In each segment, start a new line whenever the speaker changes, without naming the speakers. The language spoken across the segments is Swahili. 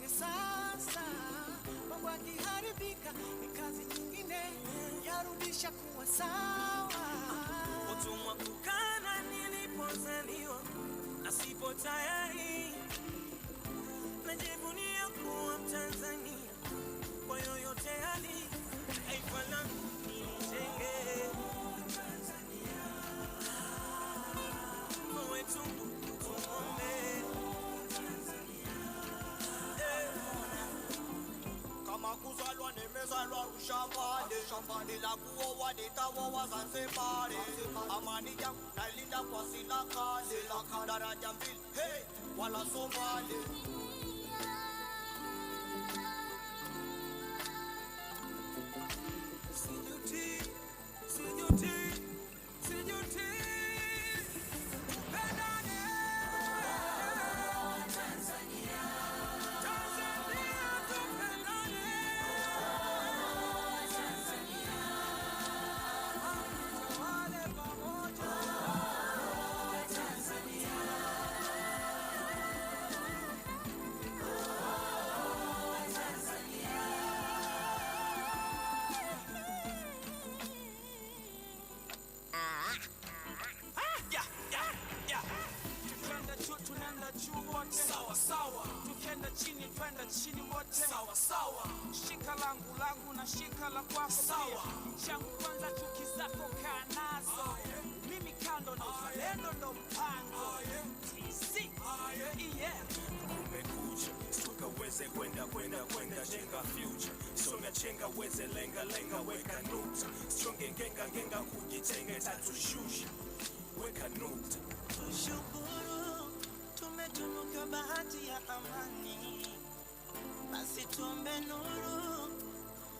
Lakini sasa mambo yakiharibika, ni kazi nyingine yarudisha kuwa sawa. Utumwa kukana nilipozaliwa, nasipo tayari najivunia kuwa Mtanzania kwa yoyote yali taifa langu nilijenge wetu Arusha Pade Shambani la kuoa Amani hey, wala langu na shika la kwako Mchangu kwanza, chuki zako kaa nazo, mimi kando na uzalendo ndo mpango TC. Umekucha weze kwenda kwenda kwenda, jenga future, somya chenga, weze lenga lenga, weka nukta, sichonge ngenga ngenga, kujitenge tatu shusha, weka nukta. Tushukuru tumetunuka bahati ya amani, basi tuombe nuru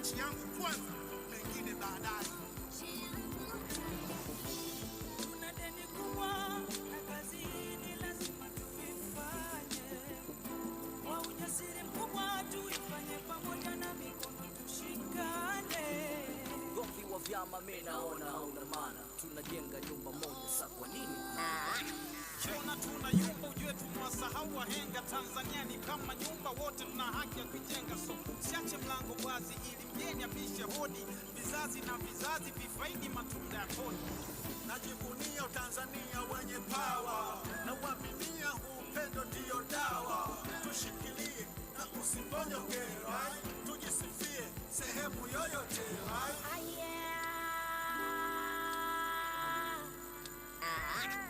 nchi yangu kwanza, mengine baadaye. Tuna deni kubwa na kazini lazima tuifanye kwa ujasiri mkubwa, tuifanye pamoja na mikono tushikane. Ugomvi wa vyama mimi naona hauna maana, tunajenga nyumba moja, sa kwa nini? Ah. Msiwe tumewasahau wahenga. Tanzania ni kama nyumba, wote tuna haki ya kujenga, so siache mlango wazi ili mgeni apishe hodi, vizazi na vizazi vifaidi matunda ya kodi. Najivunia Tanzania wenye pawa na uaminia, upendo ndiyo dawa. Tushikilie na usiponyonge, tujisifie sehemu yoyote right? Ah, ah.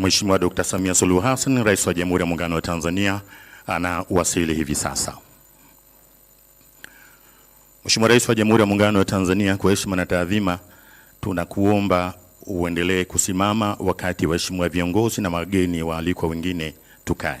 Mheshimiwa Dkt. Samia Suluhu Hassan, Rais wa Jamhuri ya Muungano wa Tanzania anawasili hivi sasa. Mheshimiwa Rais wa Jamhuri ya Muungano wa Tanzania, kwa heshima na taadhima, tunakuomba uendelee kusimama wakati waheshimiwa viongozi na wageni waalikwa wengine tukae.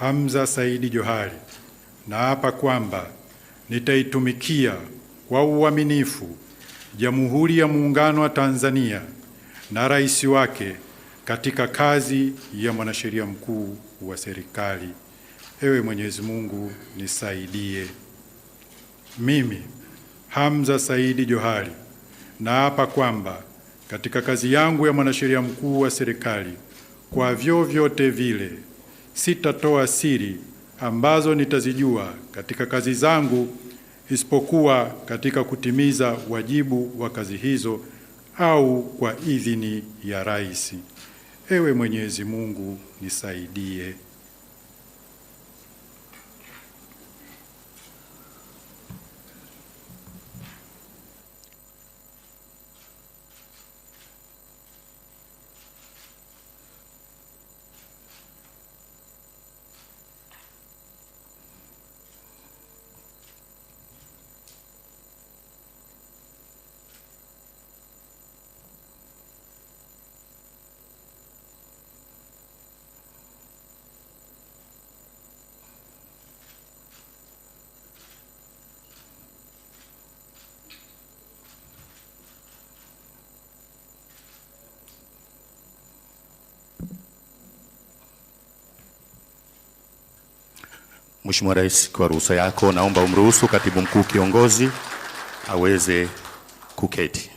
Hamza Saidi Johari, naapa kwamba nitaitumikia kwa uaminifu Jamhuri ya Muungano wa Tanzania na rais wake katika kazi ya mwanasheria mkuu wa serikali. Ewe Mwenyezi Mungu nisaidie. Mimi Hamza Saidi Johari naapa kwamba katika kazi yangu ya mwanasheria mkuu wa serikali kwa vyovyote vile sitatoa siri ambazo nitazijua katika kazi zangu, isipokuwa katika kutimiza wajibu wa kazi hizo au kwa idhini ya rais. Ewe Mwenyezi Mungu, nisaidie. Mheshimiwa Rais, kwa ruhusa yako naomba umruhusu Katibu Mkuu Kiongozi aweze kuketi.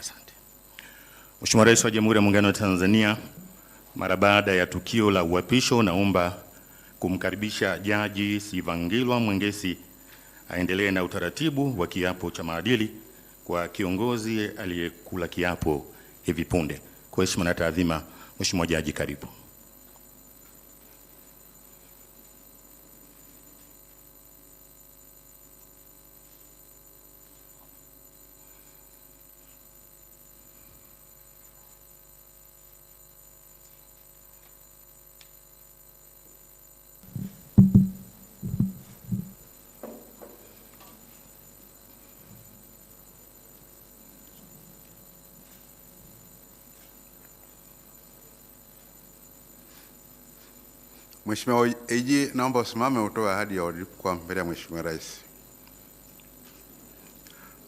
Asante. Mheshimiwa Rais wa Jamhuri ya Muungano wa Tanzania, mara baada ya tukio la uapisho, naomba kumkaribisha Jaji Sivangilwa Mwengesi aendelee na utaratibu wa kiapo cha maadili kwa kiongozi aliyekula kiapo hivi punde. Kwa heshima na taadhima, Mheshimiwa Jaji, karibu. Mheshimiwa AG, naomba usimame utoe ahadi ya uadilifu kwa mbele ya Mheshimiwa Rais.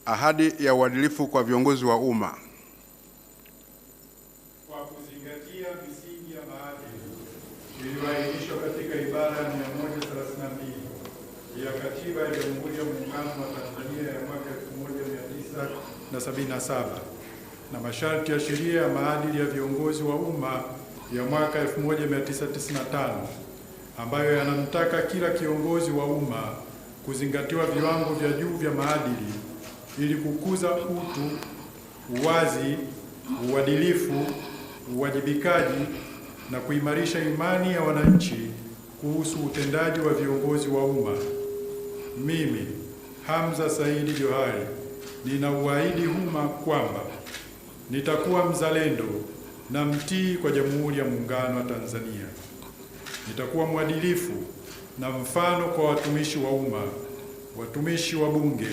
Ahadi ya uadilifu kwa viongozi wa umma kwa kuzingatia misingi ya maadili iliyoainishwa katika ibara ya 132 ya Katiba ya Jamhuri ya Muungano wa Tanzania ya mwaka 1977 na masharti ya sheria ya maadili ya viongozi wa umma ya mwaka 1995 ambayo yanamtaka kila kiongozi wa umma kuzingatiwa viwango vya juu vya maadili ili kukuza utu, uwazi, uadilifu, uwajibikaji na kuimarisha imani ya wananchi kuhusu utendaji wa viongozi wa umma. Mimi Hamza Saidi Johari nina uahidi umma kwamba nitakuwa mzalendo na mtii kwa Jamhuri ya Muungano wa Tanzania. Nitakuwa mwadilifu na mfano kwa watumishi wa umma, watumishi wa bunge,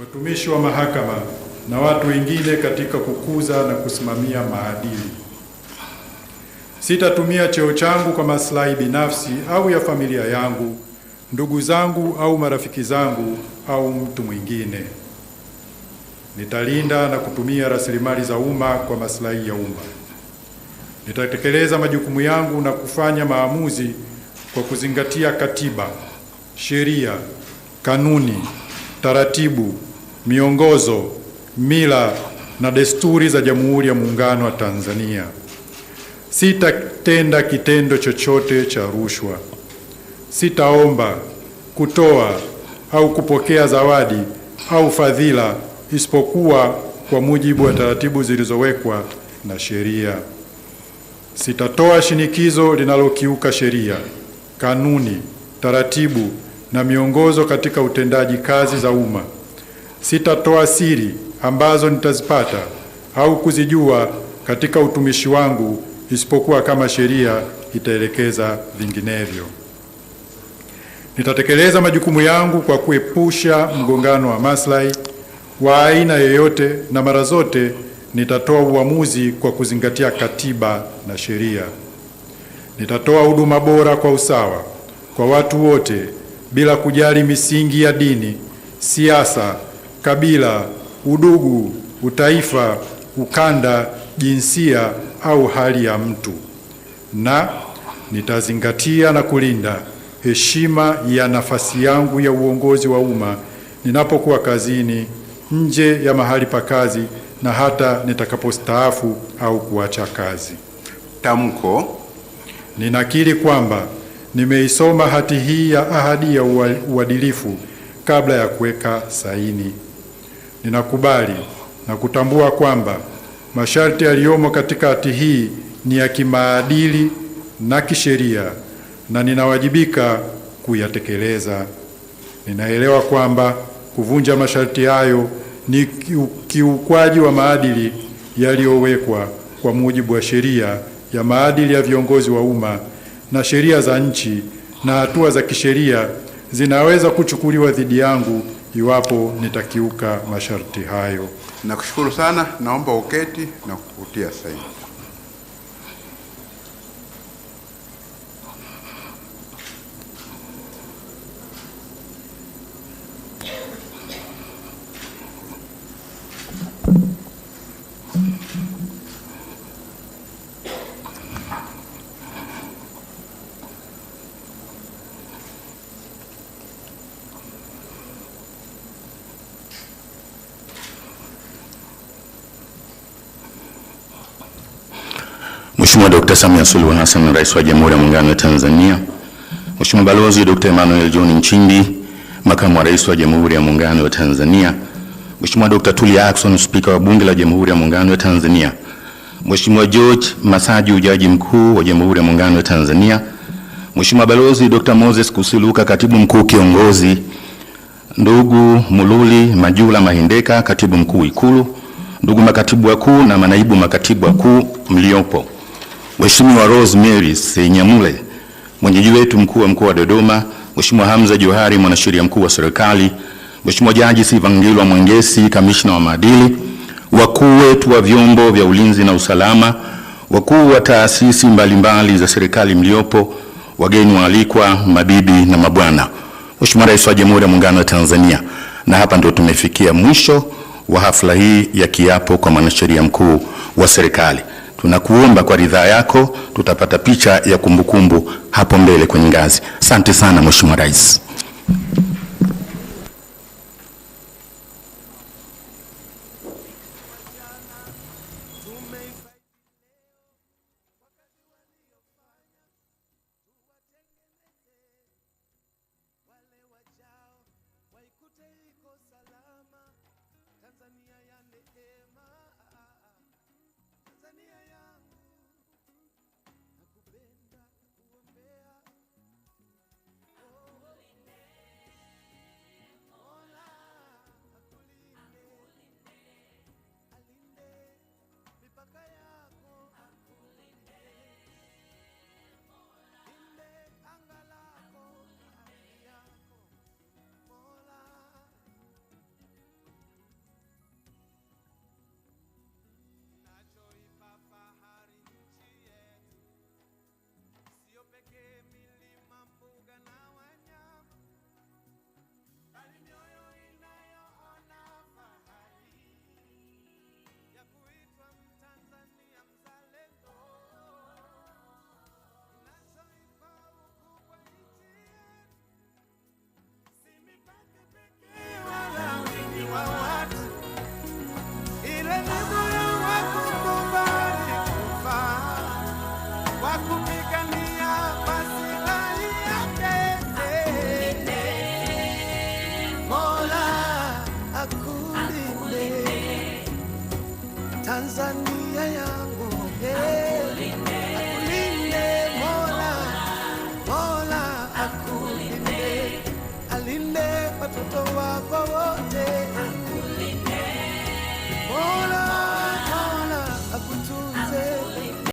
watumishi wa mahakama na watu wengine katika kukuza na kusimamia maadili. Sitatumia cheo changu kwa maslahi binafsi au ya familia yangu, ndugu zangu au marafiki zangu au mtu mwingine. Nitalinda na kutumia rasilimali za umma kwa maslahi ya umma. Nitatekeleza majukumu yangu na kufanya maamuzi kwa kuzingatia katiba, sheria, kanuni, taratibu, miongozo, mila na desturi za Jamhuri ya Muungano wa Tanzania. Sitatenda kitendo chochote cha rushwa. Sitaomba, kutoa au kupokea zawadi au fadhila isipokuwa kwa mujibu wa taratibu zilizowekwa na sheria. Sitatoa shinikizo linalokiuka sheria, kanuni, taratibu na miongozo katika utendaji kazi za umma. Sitatoa siri ambazo nitazipata au kuzijua katika utumishi wangu isipokuwa kama sheria itaelekeza vinginevyo. Nitatekeleza majukumu yangu kwa kuepusha mgongano wa maslahi wa aina yoyote na mara zote Nitatoa uamuzi kwa kuzingatia katiba na sheria. Nitatoa huduma bora kwa usawa kwa watu wote bila kujali misingi ya dini, siasa, kabila, udugu, utaifa, ukanda, jinsia au hali ya mtu, na nitazingatia na kulinda heshima ya nafasi yangu ya uongozi wa umma ninapokuwa kazini, nje ya mahali pa kazi na hata nitakapostaafu au kuacha kazi. Tamko: ninakiri kwamba nimeisoma hati hii ya ahadi ya uadilifu kabla ya kuweka saini. Ninakubali na kutambua kwamba masharti yaliyomo katika hati hii ni ya kimaadili na kisheria na ninawajibika kuyatekeleza. Ninaelewa kwamba kuvunja masharti hayo ni kiukwaji wa maadili yaliyowekwa kwa mujibu wa sheria ya maadili ya viongozi wa umma na sheria za nchi, na hatua za kisheria zinaweza kuchukuliwa dhidi yangu iwapo nitakiuka masharti hayo. Nakushukuru sana, naomba uketi na kukutia saini. Mheshimiwa Dr. Samia Suluhu Hassan, Rais wa Jamhuri ya Muungano wa Tanzania, Mheshimiwa Balozi Dr. Emmanuel John Nchimbi, Makamu wa Rais wa Jamhuri ya Muungano wa Tanzania, Mheshimiwa Dr. Tulia Ackson, Spika wa Bunge la Jamhuri ya Muungano wa Tanzania, Mheshimiwa George Masaju, Jaji Mkuu wa Jamhuri ya Muungano wa Tanzania, Mheshimiwa Balozi Dr. Moses Kusiluka, Katibu Mkuu Kiongozi, ndugu Mululi Majula Mahindeka, Katibu Mkuu Ikulu, ndugu makatibu wakuu na manaibu makatibu wakuu mliopo, Mheshimiwa Mary Senyamule, mwenyeji wetu mkuu wa mkoa wa Dodoma, Mheshimiwa Hamza Johari, mwanasheria mkuu wa serikali, Mheshimiwa Jaji Sivangilwa Mwengesi, kamishna wa maadili, wakuu wetu wa vyombo vya ulinzi na usalama, wakuu wa taasisi mbalimbali za serikali mliopo, wageni waalikwa, mabibi na mabwana, Mheshimiwa Rais wa Jamhuri ya Muungano wa Tanzania. Na hapa ndio tumefikia mwisho wa hafla hii ya kiapo kwa mwanasheria mkuu wa serikali. Tunakuomba kwa ridhaa yako tutapata picha ya kumbukumbu hapo mbele kwenye ngazi. Asante sana Mheshimiwa Rais.